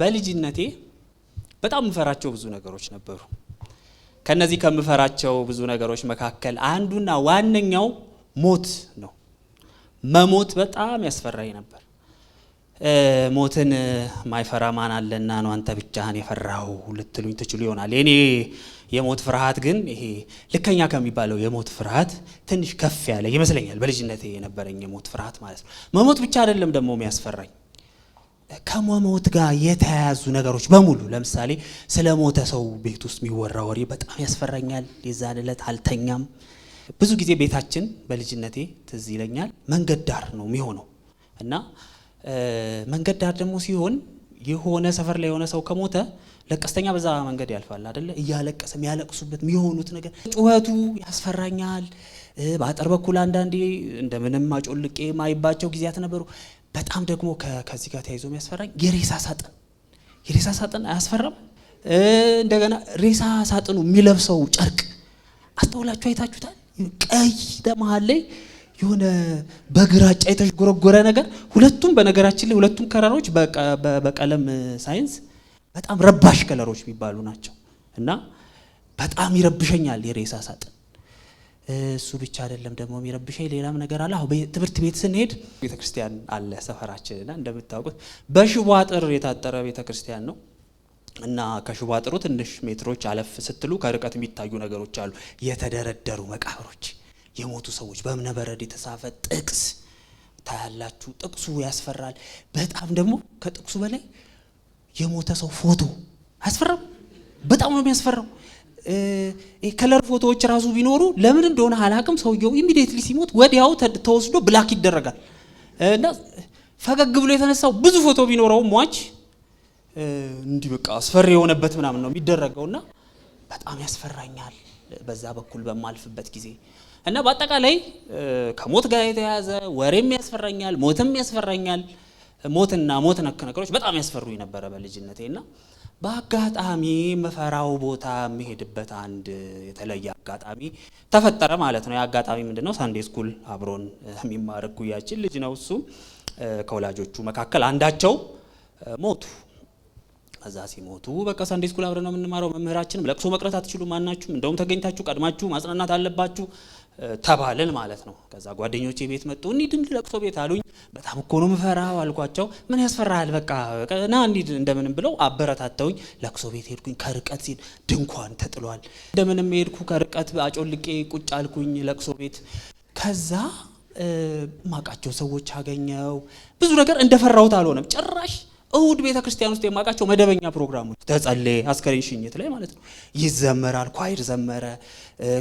በልጅነቴ በጣም ምፈራቸው ብዙ ነገሮች ነበሩ። ከነዚህ ከምፈራቸው ብዙ ነገሮች መካከል አንዱና ዋነኛው ሞት ነው። መሞት በጣም ያስፈራኝ ነበር። ሞትን ማይፈራ ማን አለና ነው አንተ ብቻህን የፈራው ልትሉኝ ትችሉ ይሆናል። የኔ የሞት ፍርሃት ግን ይሄ ልከኛ ከሚባለው የሞት ፍርሃት ትንሽ ከፍ ያለ ይመስለኛል። በልጅነት የነበረኝ የሞት ፍርሃት ማለት ነው። መሞት ብቻ አይደለም ደግሞ የሚያስፈራኝ ከመሞት ጋር የተያያዙ ነገሮች በሙሉ ለምሳሌ ስለ ሞተ ሰው ቤት ውስጥ የሚወራ ወሬ በጣም ያስፈራኛል። የዛን ዕለት አልተኛም። ብዙ ጊዜ ቤታችን በልጅነቴ ትዝ ይለኛል መንገድ ዳር ነው የሚሆነው እና መንገድ ዳር ደግሞ ሲሆን የሆነ ሰፈር ላይ የሆነ ሰው ከሞተ ለቀስተኛ በዛ መንገድ ያልፋል አደለ? እያለቀሰ የሚያለቅሱበት የሚሆኑት ነገር ጩኸቱ ያስፈራኛል። በአጠር በኩል አንዳንዴ እንደምንም አጮልቄ ማይባቸው ጊዜያት ነበሩ። በጣም ደግሞ ከዚህ ጋር ተያይዞ የሚያስፈራኝ የሬሳ ሳጥን የሬሳ ሳጥን አያስፈራም? እንደገና ሬሳ ሳጥኑ የሚለብሰው ጨርቅ አስተውላችሁ አይታችሁታል? ቀይ ለመሀል ላይ የሆነ በግራጫ የተጎረጎረ ነገር። ሁለቱም በነገራችን ላይ ሁለቱም ከለሮች በቀለም ሳይንስ በጣም ረባሽ ከለሮች የሚባሉ ናቸው እና በጣም ይረብሸኛል የሬሳ ሳጥን እሱ ብቻ አይደለም ደግሞ የሚረብሸኝ ሌላም ነገር አለ። አሁ ትምህርት ቤት ስንሄድ ቤተ ክርስቲያን አለ ና እንደምታውቁት በሽቦ አጥር የታጠረ ቤተ ክርስቲያን ነው እና ከሽቦ አጥሩ ትንሽ ሜትሮች አለፍ ስትሉ ከርቀት የሚታዩ ነገሮች አሉ። የተደረደሩ መቃብሮች፣ የሞቱ ሰዎች፣ በእብነበረድ የተጻፈ ጥቅስ ታያላችሁ። ጥቅሱ ያስፈራል። በጣም ደግሞ ከጥቅሱ በላይ የሞተ ሰው ፎቶ አያስፈራም? በጣም ነው የሚያስፈራው። ከለር ፎቶዎች ራሱ ቢኖሩ ለምን እንደሆነ አላቅም። ሰውየው ኢሚዲየትሊ ሲሞት ወዲያው ተወስዶ ብላክ ይደረጋል እና ፈገግ ብሎ የተነሳው ብዙ ፎቶ ቢኖረው ሟች እንዲህ በቃ አስፈሪ የሆነበት ምናምን ነው የሚደረገው እና በጣም ያስፈራኛል በዛ በኩል በማልፍበት ጊዜ እና በአጠቃላይ ከሞት ጋር የተያያዘ ወሬም ያስፈራኛል፣ ሞትም ያስፈራኛል። ሞትና ሞት ነክ ነገሮች በጣም ያስፈሩኝ ነበረ በልጅነቴ እና በአጋጣሚ መፈራው ቦታ የሚሄድበት አንድ የተለየ አጋጣሚ ተፈጠረ ማለት ነው። የአጋጣሚ ምንድነው? ሳንዴ ስኩል አብሮን የሚማር እኩያችን ልጅ ነው። እሱም ከወላጆቹ መካከል አንዳቸው ሞቱ። ከዛ ሲሞቱ በቃ ሳንዴ ስኩል አብረን ነው የምንማረው። መምህራችንም ለቅሶ መቅረት አትችሉ ማናችሁም እንደውም ተገኝታችሁ ቀድማችሁ ማጽናናት አለባችሁ ተባልን ማለት ነው። ከዛ ጓደኞቼ ቤት መጡ። እንሂድ እንሂድ ለቅሶ ቤት አሉኝ። በጣም እኮ ነው ምፈራው አልኳቸው። ምን ያስፈራሃል? በቃ ና እንሂድ እንደምንም ብለው አበረታተውኝ። ለቅሶ ቤት ሄድኩኝ። ከርቀት ሲል ድንኳን ተጥሏል። እንደምንም ሄድኩ። ከርቀት አጮልቄ ቁጭ አልኩኝ ለቅሶ ቤት። ከዛ ማቃቸው ሰዎች አገኘው። ብዙ ነገር እንደፈራሁት አልሆነም ጭራሽ እሁድ ቤተ ክርስቲያን ውስጥ የማውቃቸው መደበኛ ፕሮግራሞች ተጸሌ አስከሬን ሽኝት ላይ ማለት ነው ይዘመራል። ኳይር ዘመረ።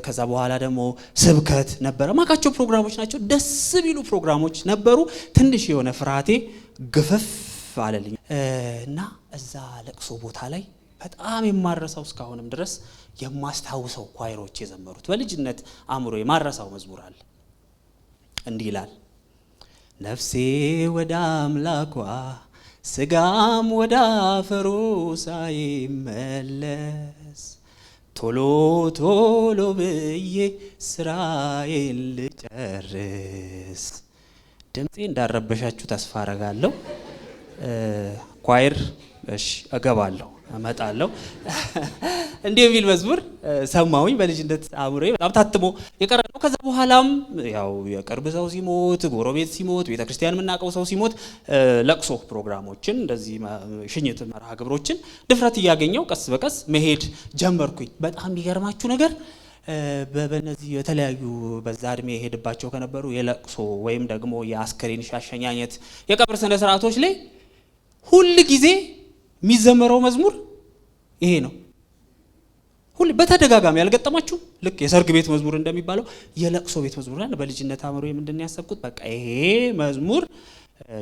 ከዛ በኋላ ደግሞ ስብከት ነበረ። ማውቃቸው ፕሮግራሞች ናቸው። ደስ ቢሉ ፕሮግራሞች ነበሩ። ትንሽ የሆነ ፍርሃቴ ግፍፍ አለልኝ እና እዛ ለቅሶ ቦታ ላይ በጣም የማረሳው እስካሁንም ድረስ የማስታውሰው ኳይሮች የዘመሩት በልጅነት አእምሮ የማረሳው መዝሙር አለ። እንዲህ ይላል ነፍሴ ወደ አምላኳ ስጋም ወደ አፈሩ ሳይመለስ ቶሎ ቶሎ ብዬ ስራዬን ልጨርስ። ድምፄ እንዳረበሻችሁ ተስፋ አረጋለሁ። ኳይር እሺ እገባለሁ እመጣለሁ እንዲህ የሚል መዝሙር ሰማሁኝ። በልጅነት አእምሮዬ በጣም ታትሞ የቀረ ነው። ከዛ በኋላም ያው የቅርብ ሰው ሲሞት፣ ጎረቤት ሲሞት፣ ቤተክርስቲያን የምናውቀው ሰው ሲሞት ለቅሶ ፕሮግራሞችን እንደዚህ ሽኝት መርሃ ግብሮችን ድፍረት እያገኘው ቀስ በቀስ መሄድ ጀመርኩኝ። በጣም የሚገርማችሁ ነገር በነዚህ የተለያዩ በዛ እድሜ የሄድባቸው ከነበሩ የለቅሶ ወይም ደግሞ የአስከሬን ሻሸኛኘት የቀብር ስነ ስርዓቶች ላይ ሁል ጊዜ የሚዘመረው መዝሙር ይሄ ነው። ሁሌ በተደጋጋሚ ያልገጠማችሁ ልክ የሰርግ ቤት መዝሙር እንደሚባለው የለቅሶ ቤት መዝሙር አለ። በልጅነት አምሮ የምንድን ያሰብኩት በቃ ይሄ መዝሙር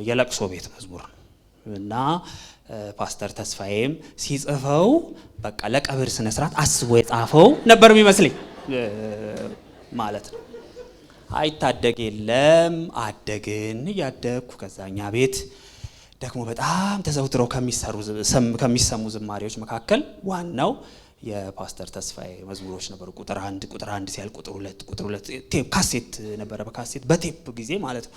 የለቅሶ ቤት መዝሙር እና ፓስተር ተስፋዬም ሲጽፈው በቃ ለቀብር ስነ ስርዓት አስቦ የጻፈው ነበር የሚመስለኝ ማለት ነው። አይታደግ የለም አደግን እያደግኩ ከዛኛ ቤት ደግሞ በጣም ተዘውትረው ከሚሰሙ ዝማሬዎች መካከል ዋናው የፓስተር ተስፋዬ መዝሙሮች ነበሩ። ቁጥር አንድ ቁጥር አንድ ሲያል ቁጥር ሁለት ቁጥር ሁለት ቴፕ ካሴት ነበረ። በካሴት በቴፕ ጊዜ ማለት ነው።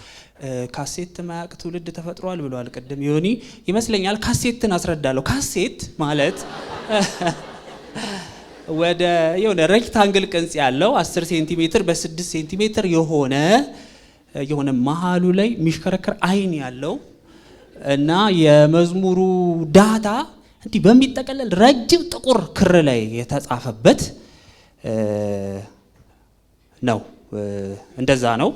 ካሴት ማያቅ ትውልድ ተፈጥሯል ብለዋል ቅድም ዮኒ ይመስለኛል። ካሴትን አስረዳለሁ። ካሴት ማለት ወደ የሆነ ሬክታንግል ቅንጽ ያለው 10 ሴንቲሜትር በ6 ሴንቲሜትር የሆነ የሆነ መሀሉ ላይ የሚሽከረከር አይን ያለው እና የመዝሙሩ ዳታ እንዲህ በሚጠቀለል ረጅም ጥቁር ክር ላይ የተጻፈበት ነው። እንደዛ ነው።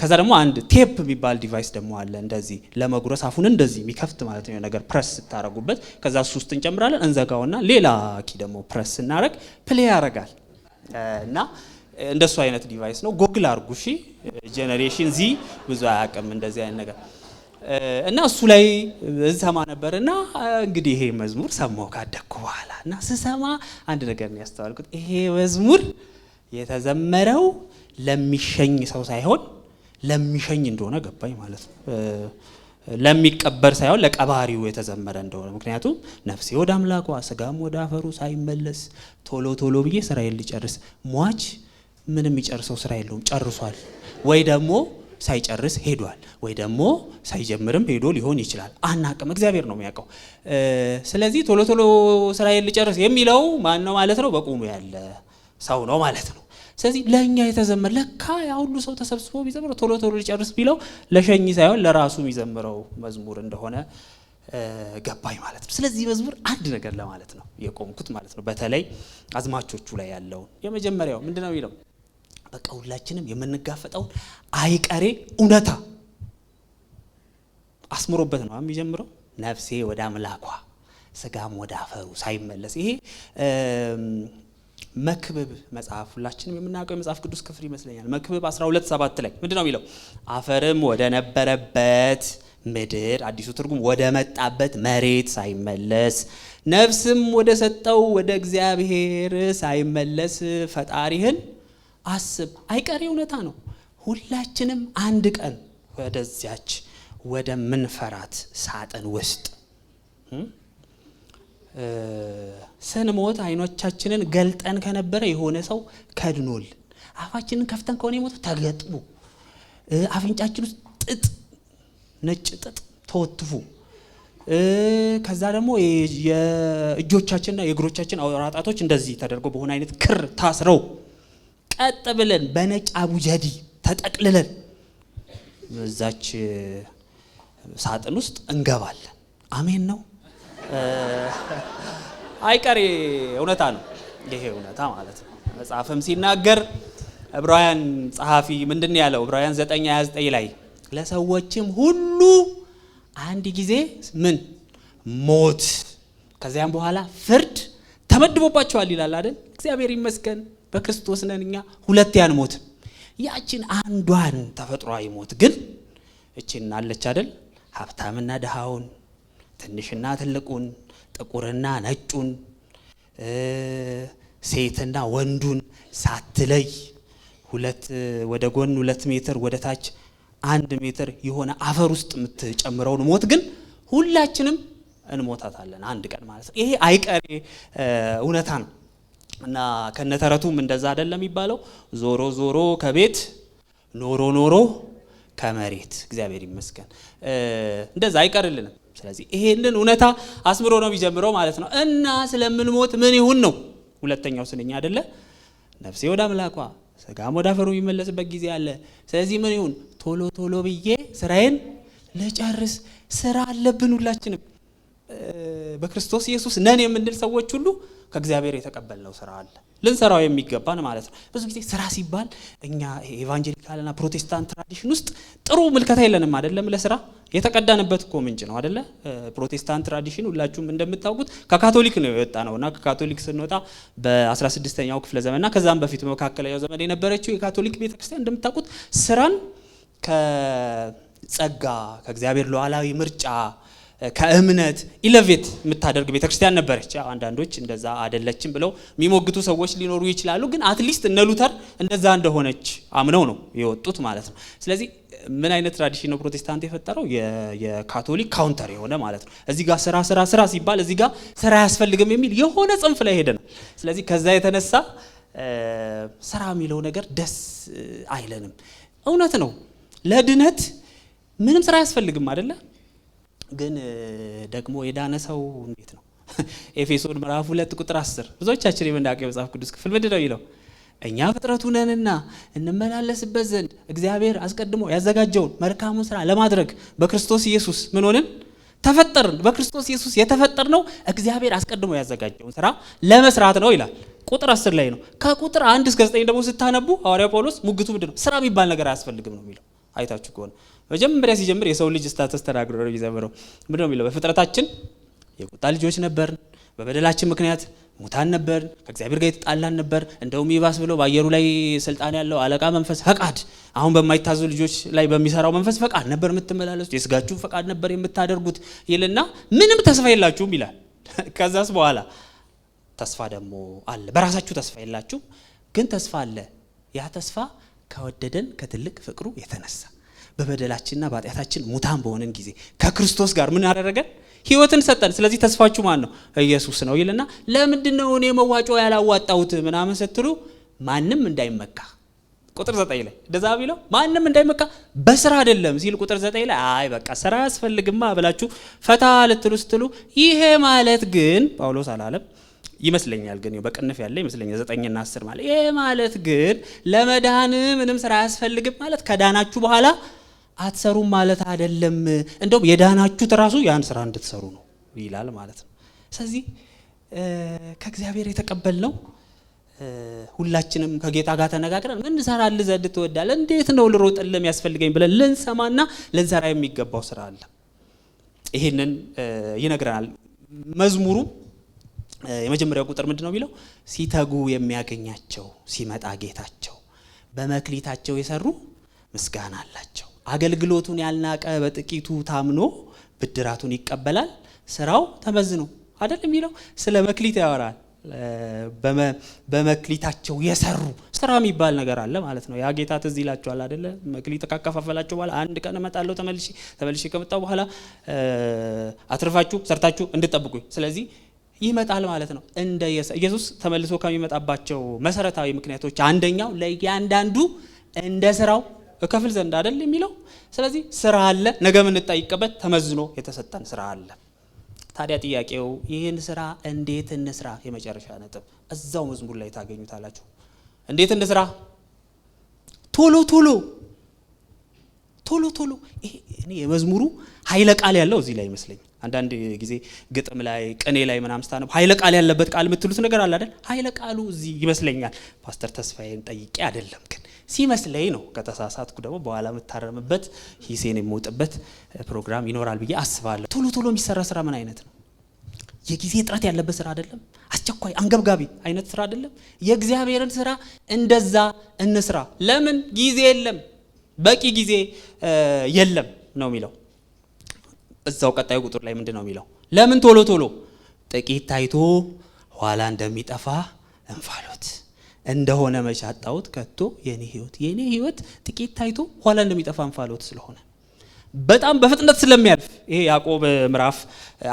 ከዛ ደግሞ አንድ ቴፕ የሚባል ዲቫይስ ደግሞ አለ። እንደዚህ ለመጉረስ አፉን እንደዚህ የሚከፍት ማለት ነው ነገር ፕረስ ስታረጉበት፣ ከዛ እሱ ውስጥ እንጨምራለን፣ እንዘጋውና ሌላ ኪ ደግሞ ፕረስ ስናረግ ፕሌ ያረጋል። እና እንደሱ አይነት ዲቫይስ ነው። ጎግል አርጉሺ ጄኔሬሽን ዚ ብዙ አያውቅም እንደዚህ አይነት ነገር እና እሱ ላይ እንሰማ ነበር እና እንግዲህ ይሄ መዝሙር ሰማው ካደግኩ በኋላ እና ስሰማ አንድ ነገር ነው ያስተዋልኩት። ይሄ መዝሙር የተዘመረው ለሚሸኝ ሰው ሳይሆን ለሚሸኝ እንደሆነ ገባኝ ማለት ነው። ለሚቀበር ሳይሆን ለቀባሪው የተዘመረ እንደሆነ ምክንያቱም ነፍሴ ወደ አምላኳ ስጋም ወደ አፈሩ ሳይመለስ ቶሎ ቶሎ ብዬ ስራዬን ሊጨርስ ሟች ምንም የሚጨርሰው ስራ የለውም ጨርሷል ወይ ደግሞ ሳይጨርስ ሄዷል፣ ወይ ደግሞ ሳይጀምርም ሄዶ ሊሆን ይችላል። አናቅም፣ እግዚአብሔር ነው የሚያውቀው። ስለዚህ ቶሎ ቶሎ ስራዬን ልጨርስ የሚለው ማን ነው ማለት ነው? በቁሙ ያለ ሰው ነው ማለት ነው። ስለዚህ ለእኛ የተዘመረ ለካ ያ ሁሉ ሰው ተሰብስቦ የሚዘምረው ቶሎ ቶሎ ሊጨርስ ቢለው ለሸኝ ሳይሆን ለራሱ የሚዘምረው መዝሙር እንደሆነ ገባኝ ማለት ነው። ስለዚህ መዝሙር አንድ ነገር ለማለት ነው የቆምኩት ማለት ነው። በተለይ አዝማቾቹ ላይ ያለውን የመጀመሪያው ምንድነው ሚለው። በቃ ሁላችንም የምንጋፈጠውን አይቀሬ እውነታ አስምሮበት ነው የሚጀምረው። ነፍሴ ወደ አምላኳ ስጋም ወደ አፈሩ ሳይመለስ ይሄ መክብብ መጽሐፍ ሁላችንም የምናውቀው የመጽሐፍ ቅዱስ ክፍል ይመስለኛል። መክብብ 12 7 ላይ ምንድን ነው የሚለው? አፈርም ወደ ነበረበት ምድር አዲሱ ትርጉም ወደ መጣበት መሬት ሳይመለስ ነፍስም ወደ ሰጠው ወደ እግዚአብሔር ሳይመለስ ፈጣሪህን አስብ። አይቀሬ እውነታ ነው። ሁላችንም አንድ ቀን ወደዚያች ወደ ምንፈራት ሳጥን ውስጥ ስንሞት አይኖቻችንን ገልጠን ከነበረ የሆነ ሰው ከድኖልን፣ አፋችንን ከፍተን ከሆነ የሞተው ተገጥሙ አፍንጫችን ውስጥ ጥጥ ነጭ ጥጥ ተወትፉ፣ ከዛ ደግሞ የእጆቻችንና የእግሮቻችን አውራጣቶች እንደዚህ ተደርጎ በሆነ አይነት ክር ታስረው ቀጥ ብለን በነጭ አቡጀዲ ተጠቅልለን በዛች ሳጥን ውስጥ እንገባለን። አሜን ነው አይቀሬ እውነታ ነው። ይሄ እውነታ ማለት ነው። መጽሐፍም ሲናገር ዕብራውያን ጸሐፊ ምንድን ያለው? ዕብራውያን 9:29 ላይ ለሰዎችም ሁሉ አንድ ጊዜ ምን ሞት፣ ከዚያም በኋላ ፍርድ ተመድቦባቸዋል ይላል አይደል? እግዚአብሔር ይመስገን። በክርስቶስ ነን እኛ ሁለት ያን ሞት ያችን አንዷን ተፈጥሯዊ ሞት ግን እችን አለች አይደል? ሀብታምና ድሃውን፣ ትንሽና ትልቁን፣ ጥቁርና ነጩን፣ ሴትና ወንዱን ሳትለይ ሁለት ወደ ጎን ሁለት ሜትር ወደ ታች አንድ ሜትር የሆነ አፈር ውስጥ የምትጨምረውን ሞት ግን ሁላችንም እንሞታታለን አንድ ቀን ማለት ነው። ይሄ አይቀሬ እውነታ ነው። እና ከነተረቱም እንደዛ አይደለም የሚባለው። ዞሮ ዞሮ ከቤት ኖሮ ኖሮ ከመሬት እግዚአብሔር ይመስገን እንደዛ አይቀርልንም። ስለዚህ ይሄንን እውነታ አስምሮ ነው የሚጀምረው ማለት ነው። እና ስለምንሞት ምን ይሁን ነው ሁለተኛው ስንኛ አይደለ? ነፍሴ ወደ አምላኳ ስጋም ወደ አፈሩ የሚመለስበት ጊዜ አለ። ስለዚህ ምን ይሁን ቶሎ ቶሎ ብዬ ስራዬን ልጨርስ። ስራ አለብን ሁላችንም። በክርስቶስ ኢየሱስ ነን የምንል ሰዎች ሁሉ ከእግዚአብሔር የተቀበልነው ስራ አለ ልንሰራው የሚገባን ማለት ነው። ብዙ ጊዜ ስራ ሲባል እኛ ና ፕሮቴስታንት ትራዲሽን ውስጥ ጥሩ ምልከታ የለንም አይደለም። ለስራ የተቀዳንበት እኮ ምንጭ ነው አደለ? ፕሮቴስታንት ትራዲሽን ሁላችሁም እንደምታውቁት ከካቶሊክ ነው የወጣ ነው እና ከካቶሊክ ስንወጣ በ16ኛው ክፍለ ና ከዛም በፊት መካከለኛው ዘመን የነበረችው የካቶሊክ ቤተክርስቲያን እንደምታውቁት ስራን ከጸጋ ከእግዚአብሔር ለዋላዊ ምርጫ ከእምነት ኢለቬት የምታደርግ ቤተክርስቲያን ነበረች። አንዳንዶች እንደዛ አደለችም ብለው የሚሞግቱ ሰዎች ሊኖሩ ይችላሉ። ግን አትሊስት እነ ሉተር እንደዛ እንደሆነች አምነው ነው የወጡት ማለት ነው። ስለዚህ ምን አይነት ትራዲሽን ነው ፕሮቴስታንት የፈጠረው? የካቶሊክ ካውንተር የሆነ ማለት ነው። እዚህ ጋር ስራ ስራ ስራ ሲባል እዚህ ጋር ስራ አያስፈልግም የሚል የሆነ ጽንፍ ላይ ነው። ስለዚህ ከዛ የተነሳ ስራ የሚለው ነገር ደስ አይለንም። እውነት ነው ለድነት ምንም ስራ አያስፈልግም አይደለም? ግን ደግሞ የዳነ ሰው እንዴት ነው? ኤፌሶን ምዕራፍ ሁለት ቁጥር አስር ብዙዎቻችን የምናውቀው የመጽሐፍ ቅዱስ ክፍል ምንድን ነው ይለው እኛ ፍጥረቱ ነንና እንመላለስበት ዘንድ እግዚአብሔር አስቀድሞ ያዘጋጀውን መልካሙን ስራ ለማድረግ በክርስቶስ ኢየሱስ ምን ሆንን? ተፈጠርን። በክርስቶስ ኢየሱስ የተፈጠርነው እግዚአብሔር አስቀድሞ ያዘጋጀውን ስራ ለመስራት ነው ይላል። ቁጥር አስር ላይ ነው። ከቁጥር አንድ እስከ ዘጠኝ ደግሞ ስታነቡ ሐዋርያው ጳውሎስ ሙግቱ ምንድን ነው? ስራ የሚባል ነገር አያስፈልግም ነው የሚለው። አይታችሁ ከሆነ መጀመሪያ ሲጀምር የሰው ልጅ ስታተስ ተናግሮ ነው የሚዘምረው። ነው የሚለው? በፍጥረታችን የቁጣ ልጆች ነበርን፣ በበደላችን ምክንያት ሙታን ነበርን፣ ከእግዚአብሔር ጋር የተጣላን ነበር። እንደውም ይባስ ብሎ በአየሩ ላይ ስልጣን ያለው አለቃ መንፈስ ፈቃድ፣ አሁን በማይታዙ ልጆች ላይ በሚሰራው መንፈስ ፈቃድ ነበር የምትመላለሱት፣ የስጋችሁ ፈቃድ ነበር የምታደርጉት ይልና ምንም ተስፋ የላችሁም ይላል። ከዛስ በኋላ ተስፋ ደግሞ አለ። በራሳችሁ ተስፋ የላችሁ፣ ግን ተስፋ አለ። ያ ተስፋ ከወደደን ከትልቅ ፍቅሩ የተነሳ በበደላችንና በኃጢአታችን ሙታን በሆነን ጊዜ ከክርስቶስ ጋር ምን አደረገን? ህይወትን ሰጠን። ስለዚህ ተስፋችሁ ማን ነው? ኢየሱስ ነው ይልና ለምንድን ነው እኔ መዋጮ ያላዋጣሁት ምናምን ስትሉ ማንም እንዳይመካ ቁጥር ዘጠኝ ላይ እንደዛ ቢለው ማንም እንዳይመካ በስራ አይደለም ሲል ቁጥር ዘጠኝ ላይ አይ በቃ ስራ ያስፈልግማ ብላችሁ ፈታ ልትሉ ስትሉ ይሄ ማለት ግን ጳውሎስ አላለም ይመስለኛል ግን በቅንፍ ያለ ይመስለኛል ዘጠኝና አስር ማለት ይሄ ማለት ግን ለመዳን ምንም ስራ አያስፈልግም ማለት ከዳናችሁ በኋላ አትሰሩም ማለት አይደለም። እንደውም የዳናችሁት ራሱ ያን ስራ እንድትሰሩ ነው ይላል ማለት ነው። ስለዚህ ከእግዚአብሔር የተቀበልነው ሁላችንም ከጌታ ጋር ተነጋግረን ሰራ ልዘድ ትወዳለ እንዴት ነው ልሮጥልህ ያስፈልገኝ ብለን ልንሰማና ልንሰራ የሚገባው ስራ አለ። ይሄንን ይነግረናል መዝሙሩ የመጀመሪያው ቁጥር ምንድን ነው የሚለው? ሲተጉ የሚያገኛቸው ሲመጣ ጌታቸው በመክሊታቸው የሰሩ ምስጋና አላቸው። አገልግሎቱን ያልናቀ በጥቂቱ ታምኖ ብድራቱን ይቀበላል፣ ስራው ተመዝኖ አደል የሚለው ስለ መክሊት ያወራል። በመክሊታቸው የሰሩ ስራ የሚባል ነገር አለ ማለት ነው። ያ ጌታ ትዝ ይላቸዋል አደለ? መክሊት ካከፋፈላቸው በኋላ አንድ ቀን እመጣለሁ ተመልሼ ተመልሼ ከመጣ በኋላ አትርፋችሁ ሰርታችሁ እንድጠብቁኝ ስለዚህ ይመጣል ማለት ነው። እንደ ኢየሱስ ተመልሶ ከሚመጣባቸው መሰረታዊ ምክንያቶች አንደኛው ለእያንዳንዱ እንደ ስራው እከፍል ዘንድ አደል የሚለው። ስለዚህ ስራ አለ፣ ነገ የምንጠይቅበት ተመዝኖ የተሰጠን ስራ አለ። ታዲያ ጥያቄው ይህን ስራ እንዴት እንስራ? የመጨረሻ ነጥብ እዛው መዝሙር ላይ ታገኙታላችሁ። እንዴት እንስራ? ቶሎ ቶሎ ቶሎ ቶሎ። ይሄ እኔ የመዝሙሩ ኃይለ ቃል ያለው እዚህ ላይ ይመስለኝ አንዳንድ ጊዜ ግጥም ላይ ቅኔ ላይ ምናም ስታነቡ ኃይለ ቃል ያለበት ቃል የምትሉት ነገር አለ አይደል? ሀይለ ቃሉ እዚህ ይመስለኛል። ፓስተር ተስፋዬን ጠይቄ አይደለም ግን ሲመስለኝ ነው። ከተሳሳትኩ ደግሞ በኋላ የምታረምበት ሂሴን የምወጥበት ፕሮግራም ይኖራል ብዬ አስባለሁ። ቶሎ ቶሎ የሚሰራ ስራ ምን አይነት ነው? የጊዜ እጥረት ያለበት ስራ አይደለም። አስቸኳይ አንገብጋቢ አይነት ስራ አይደለም። የእግዚአብሔርን ስራ እንደዛ እንስራ። ለምን ጊዜ የለም፣ በቂ ጊዜ የለም ነው የሚለው እዛው ቀጣዩ ቁጥር ላይ ምንድን ነው የሚለው? ለምን ቶሎ ቶሎ ጥቂት ታይቶ ኋላ እንደሚጠፋ እንፋሎት እንደሆነ መሻጣውት ከቶ የኔ ህይወት የኔ ህይወት ጥቂት ታይቶ ኋላ እንደሚጠፋ እንፋሎት ስለሆነ በጣም በፍጥነት ስለሚያልፍ ይሄ ያዕቆብ ምዕራፍ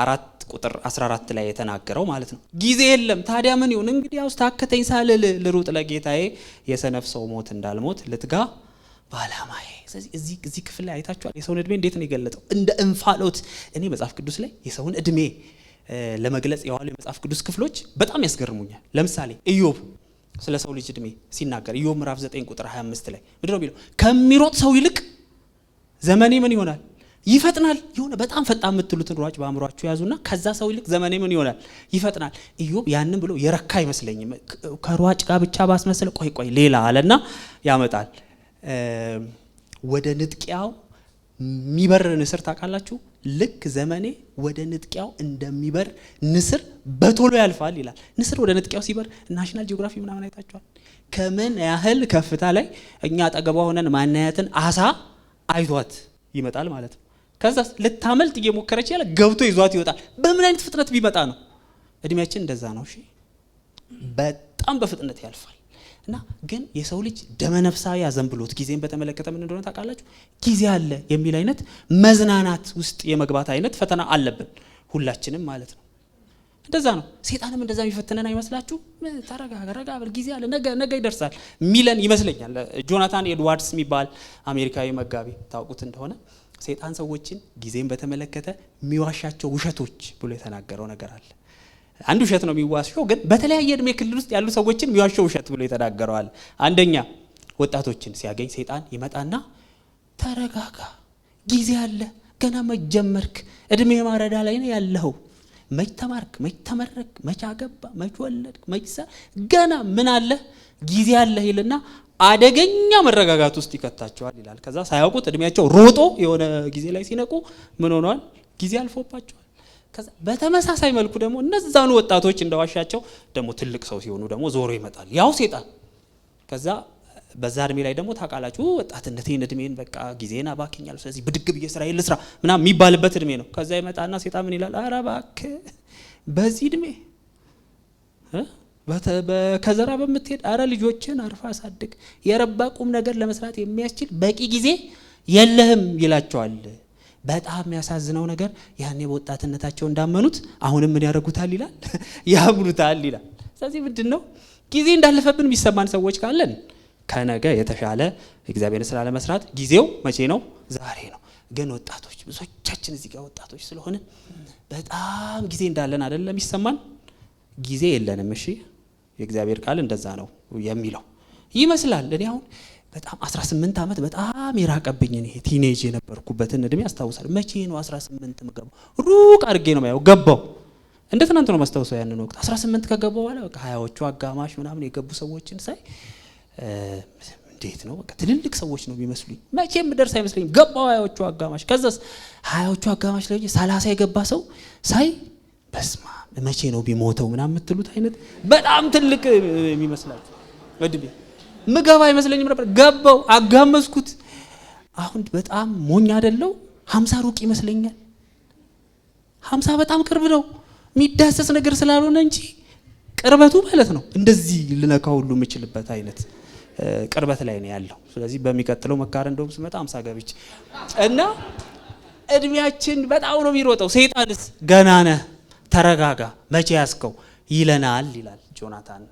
አራት ቁጥር 14 ላይ የተናገረው ማለት ነው። ጊዜ የለም ታዲያ ምን ይሁን እንግዲህ ያውስ ታከተኝ ሳልል ልሩጥ ለጌታዬ የሰነፍ ሰው ሞት እንዳልሞት ልትጋ በዓላማዬ። ስለዚህ እዚህ ክፍል ላይ አይታችኋል፣ የሰውን እድሜ እንዴት ነው የገለጠው? እንደ እንፋሎት። እኔ መጽሐፍ ቅዱስ ላይ የሰውን እድሜ ለመግለጽ የዋሉ የመጽሐፍ ቅዱስ ክፍሎች በጣም ያስገርሙኛል። ለምሳሌ ኢዮብ ስለ ሰው ልጅ እድሜ ሲናገር ኢዮብ ምዕራፍ 9 ቁጥር 25 ላይ ምንድን ነው የሚለው? ከሚሮጥ ሰው ይልቅ ዘመኔ ምን ይሆናል ይፈጥናል። የሆነ በጣም ፈጣን የምትሉትን ሯጭ በአእምሯችሁ ያዙና ከዛ ሰው ይልቅ ዘመኔ ምን ይሆናል ይፈጥናል። ኢዮብ ያንን ብሎ የረካ አይመስለኝም። ከሯጭ ጋር ብቻ ባስመሰለ ቆይ ቆይ ሌላ አለና ያመጣል። ወደ ንጥቂያው የሚበር ንስር ታውቃላችሁ። ልክ ዘመኔ ወደ ንጥቂያው እንደሚበር ንስር በቶሎ ያልፋል ይላል። ንስር ወደ ንጥቂያው ሲበር ናሽናል ጂኦግራፊ ምናምን አይታችኋል። ከምን ያህል ከፍታ ላይ እኛ አጠገቧ ሆነን ማናያትን አሳ አይቷት ይመጣል ማለት ነው። ከዛ ልታመልጥ እየሞከረች ያለ ገብቶ ይዟት ይወጣል። በምን አይነት ፍጥነት ቢመጣ ነው? እድሜያችን እንደዛ ነው። በጣም በፍጥነት ያልፋል። እና ግን የሰው ልጅ ደመነፍሳዊ አዘንብሎት ጊዜን በተመለከተ ምን እንደሆነ ታውቃላችሁ? ጊዜ አለ የሚል አይነት መዝናናት ውስጥ የመግባት አይነት ፈተና አለብን ሁላችንም ማለት ነው። እንደዛ ነው። ሴጣንም እንደዛ የሚፈትነን አይመስላችሁ? ተረጋጋ፣ ረጋ በል፣ ጊዜ አለ፣ ነገ ነገ ይደርሳል ሚለን ይመስለኛል። ጆናታን ኤድዋርድስ የሚባል አሜሪካዊ መጋቢ ታውቁት እንደሆነ ሴጣን ሰዎችን ጊዜን በተመለከተ የሚዋሻቸው ውሸቶች ብሎ የተናገረው ነገር አለ አንድ ውሸት ነው የሚዋሸው፣ ግን በተለያየ እድሜ ክልል ውስጥ ያሉ ሰዎችን የሚዋሸው ውሸት ብሎ የተናገረዋል። አንደኛ ወጣቶችን ሲያገኝ ሰይጣን ይመጣና ተረጋጋ፣ ጊዜ አለ፣ ገና መጀመርክ፣ እድሜ ማረዳ ላይ ነው ያለኸው፣ መች ተማርክ፣ መች ተመረክ፣ መች አገባ፣ መች ወለድክ፣ መች ገና ምን አለ ጊዜ አለ ይልና አደገኛ መረጋጋት ውስጥ ይከታቸዋል ይላል። ከዛ ሳያውቁት እድሜያቸው ሮጦ የሆነ ጊዜ ላይ ሲነቁ ምን ሆኗል? ጊዜ አልፎባቸዋል። በተመሳሳይ መልኩ ደግሞ እነዛኑ ወጣቶች እንደዋሻቸው ደግሞ ትልቅ ሰው ሲሆኑ ደግሞ ዞሮ ይመጣል ያው ሴጣን። ከዛ በዛ እድሜ ላይ ደግሞ ታውቃላችሁ ወጣትነቴን እድሜን በቃ ጊዜን አባክኛለሁ፣ ስለዚህ ብድግብ እየስራ ልስራ ምናምን የሚባልበት እድሜ ነው። ከዛ ይመጣና ሴጣ ምን ይላል? ኧረ እባክህ በዚህ እድሜ ከዘራ በምትሄድ አረ ልጆችን አርፋ አሳድግ፣ የረባ ቁም ነገር ለመስራት የሚያስችል በቂ ጊዜ የለህም ይላቸዋል። በጣም የሚያሳዝነው ነገር ያኔ በወጣትነታቸው እንዳመኑት አሁንም ምን ያደርጉታል ይላል ያምኑታል ይላል። ስለዚህ ምንድን ነው ጊዜ እንዳለፈብን የሚሰማን ሰዎች ካለን ከነገ የተሻለ እግዚአብሔር ስራ ለመስራት ጊዜው መቼ ነው? ዛሬ ነው። ግን ወጣቶች ብዙቻችን እዚህ ጋር ወጣቶች ስለሆነ በጣም ጊዜ እንዳለን አይደለም የሚሰማን፣ ጊዜ የለንም። እሺ የእግዚአብሔር ቃል እንደዛ ነው የሚለው ይመስላል። እኔ አሁን በጣም 18 ዓመት በጣም የራቀብኝ እኔ ቲኔጅ የነበርኩበትን እድሜ ያስታውሳል። መቼ ነው 18 ምገባው? ሩቅ አድርጌ ነው ያው ገባው። እንደ ትናንት ነው ማስታውሰው ያንን ወቅት 18 ከገባ በኋላ በቃ ሀያዎቹ አጋማሽ ምናምን የገቡ ሰዎችን ሳይ እንዴት ነው በቃ ትልልቅ ሰዎች ነው የሚመስሉኝ። መቼም የምደርስ አይመስለኝም። ገባው ሀያዎቹ አጋማሽ። ከዛስ ሀያዎቹ አጋማሽ ላይ ሰላሳ የገባ ሰው ሳይ በስማ መቼ ነው ቢሞተው ምናምን የምትሉት አይነት በጣም ትልቅ የሚመስላል እድሜ ምገባ አይመስለኝም ነበር። ገባው፣ አጋመስኩት። አሁን በጣም ሞኝ አይደለው። ሀምሳ ሩቅ ይመስለኛል። ሀምሳ በጣም ቅርብ ነው የሚዳሰስ ነገር ስላልሆነ እንጂ ቅርበቱ ማለት ነው። እንደዚህ ልነካ ሁሉ የምችልበት አይነት ቅርበት ላይ ነው ያለው። ስለዚህ በሚቀጥለው መካረ እንደውም ስመጣ ሀምሳ ገብች እና እድሜያችን በጣም ነው የሚሮጠው። ሰይጣንስ ገና ነህ፣ ተረጋጋ፣ መቼ ያስከው ይለናል ይላል ጆናታን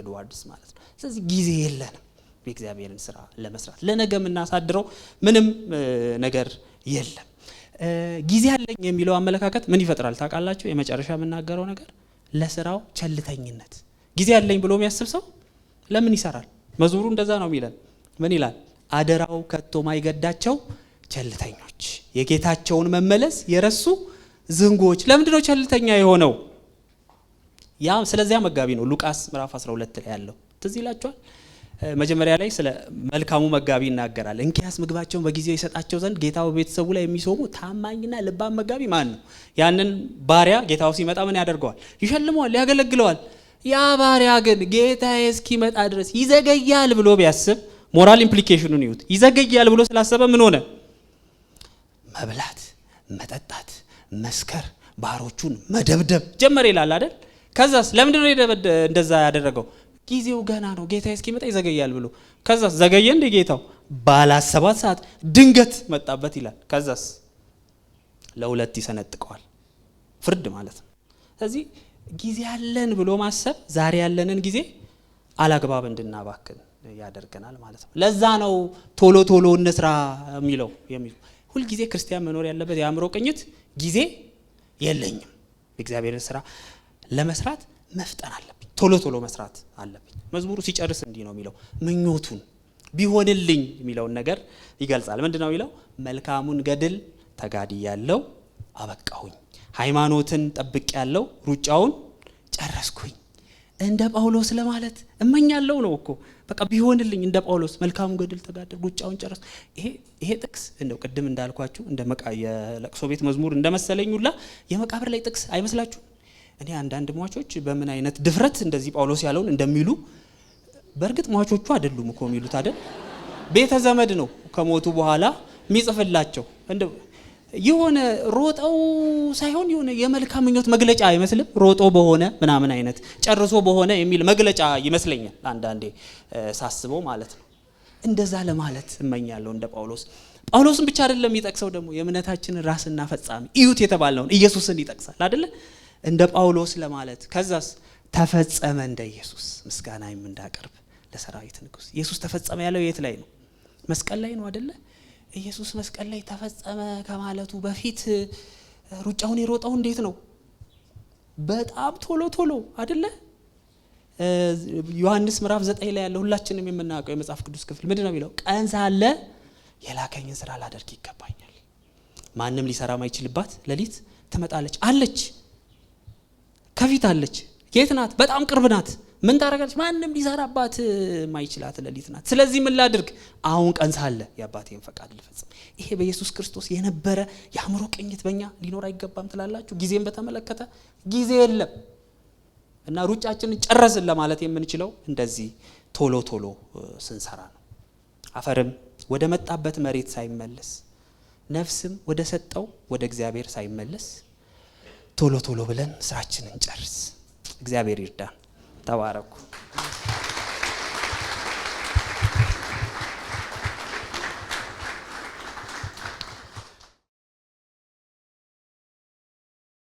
ኤድዋርድስ ማለት ነው። ስለዚህ ጊዜ የለንም የእግዚአብሔርን ስራ ለመስራት። ለነገ የምናሳድረው ምንም ነገር የለም። ጊዜ አለኝ የሚለው አመለካከት ምን ይፈጥራል ታውቃላችሁ? የመጨረሻ የምናገረው ነገር ለስራው ቸልተኝነት። ጊዜ አለኝ ብሎ የሚያስብ ሰው ለምን ይሰራል? መዝሙሩ እንደዛ ነው የሚለን። ምን ይላል? አደራው ከቶ ማይገዳቸው ቸልተኞች፣ የጌታቸውን መመለስ የረሱ ዝንጎች። ለምንድነው ቸልተኛ የሆነው? ያ ስለዚያ መጋቢ ነው ሉቃስ ምዕራፍ 12 ላይ ያለው ትዝ ይላቸዋል መጀመሪያ ላይ ስለ መልካሙ መጋቢ ይናገራል። እንኪያስ ምግባቸውን በጊዜው ይሰጣቸው ዘንድ ጌታው ቤተሰቡ ላይ የሚሶሙ ታማኝና ልባም መጋቢ ማን ነው? ያንን ባሪያ ጌታው ሲመጣ ምን ያደርገዋል? ይሸልመዋል፣ ያገለግለዋል። ያ ባሪያ ግን ጌታዬ እስኪመጣ ድረስ ይዘገያል ብሎ ቢያስብ ሞራል ኢምፕሊኬሽኑን ይዩት። ይዘገያል ብሎ ስላሰበ ምን ሆነ? መብላት፣ መጠጣት፣ መስከር፣ ባሮቹን መደብደብ ጀመር ይላል አይደል? ከዛስ ለምንድነው እንደዛ ያደረገው? ጊዜው ገና ነው ጌታ እስኪመጣ ይዘገያል ብሎ ከዛስ ዘገየ እንደ ጌታው ባላሰባት ሰዓት ድንገት መጣበት ይላል። ከዛስ ለሁለት ይሰነጥቀዋል ፍርድ ማለት ነው። ስለዚህ ጊዜ ያለን ብሎ ማሰብ ዛሬ ያለንን ጊዜ አላግባብ እንድናባክን ያደርገናል ማለት ነው። ለዛ ነው ቶሎ ቶሎ እንስራ የሚለው የሚሉ ሁልጊዜ ክርስቲያን መኖር ያለበት የአእምሮ ቅኝት ጊዜ የለኝም፣ የእግዚአብሔርን ስራ ለመስራት መፍጠን አለብ ቶሎ ቶሎ መስራት አለብኝ። መዝሙሩ ሲጨርስ እንዲህ ነው የሚለው ምኞቱን ቢሆንልኝ የሚለውን ነገር ይገልጻል። ምንድን ነው የሚለው? መልካሙን ገድል ያለው አበቃሁኝ። ሃይማኖትን ያለው ሩጫውን ጨረስኩኝ። እንደ ጳውሎስ ለማለት እመኛለው ነው እኮ በቃ ቢሆንልኝ እንደ ጳውሎስ መልካሙን ገድል ተጋድል ሩጫውን ጨረስኩ። ይሄ ጥቅስ እንደው ቅድም እንዳልኳችሁ የለቅሶ ቤት መዝሙር እንደመሰለኝ ሁላ የመቃብር ላይ ጥቅስ አይመስላችሁ? እኔ አንዳንድ ሟቾች በምን አይነት ድፍረት እንደዚህ ጳውሎስ ያለውን እንደሚሉ በእርግጥ ሟቾቹ አይደሉም እኮ የሚሉት አይደል? ቤተ ዘመድ ነው ከሞቱ በኋላ የሚጽፍላቸው። የሆነ ሮጠው ሳይሆን የሆነ የመልካም ምኞት መግለጫ አይመስልም? ሮጦ በሆነ ምናምን አይነት ጨርሶ በሆነ የሚል መግለጫ ይመስለኛል አንዳንዴ ሳስበው ማለት ነው። እንደዛ ለማለት እመኛለሁ እንደ ጳውሎስ። ጳውሎስን ብቻ አይደለም የሚጠቅሰው ደግሞ የእምነታችን ራስና ፈጻሚ እዩት የተባለውን ኢየሱስን ይጠቅሳል አይደለም እንደ ጳውሎስ ለማለት ከዛስ ተፈጸመ እንደ ኢየሱስ ምስጋና የምንዳቀርብ ለሰራዊት ንጉስ ኢየሱስ ተፈጸመ ያለው የት ላይ ነው? መስቀል ላይ ነው አደለ? ኢየሱስ መስቀል ላይ ተፈጸመ ከማለቱ በፊት ሩጫውን የሮጠው እንዴት ነው? በጣም ቶሎ ቶሎ አደለ? ዮሐንስ ምዕራፍ ዘጠኝ ላይ ያለ ሁላችንም የምናውቀው የመጽሐፍ ቅዱስ ክፍል ምንድን ነው የሚለው? ቀን ሳለ የላከኝን ስራ ላደርግ ይገባኛል። ማንም ሊሰራ ማይችልባት ሌሊት ትመጣለች አለች ከፊት አለች። የት ናት? በጣም ቅርብ ናት። ምን ታረጋለች ማንም ሊሰራባት ማይችላት ለሊት ናት። ስለዚህ ምን ላድርግ? አሁን ቀን ሳለ የአባቴን ፈቃድ ልፈጽም። ይሄ በኢየሱስ ክርስቶስ የነበረ የአእምሮ ቅኝት በእኛ ሊኖር አይገባም ትላላችሁ? ጊዜን በተመለከተ ጊዜ የለም እና ሩጫችንን ጨረስን ለማለት የምንችለው እንደዚህ ቶሎ ቶሎ ስንሰራ ነው። አፈርም ወደ መጣበት መሬት ሳይመለስ ነፍስም ወደ ሰጠው ወደ እግዚአብሔር ሳይመለስ ቶሎ ቶሎ ብለን ስራችንን ጨርስ። እግዚአብሔር ይርዳን። ተባረኩ።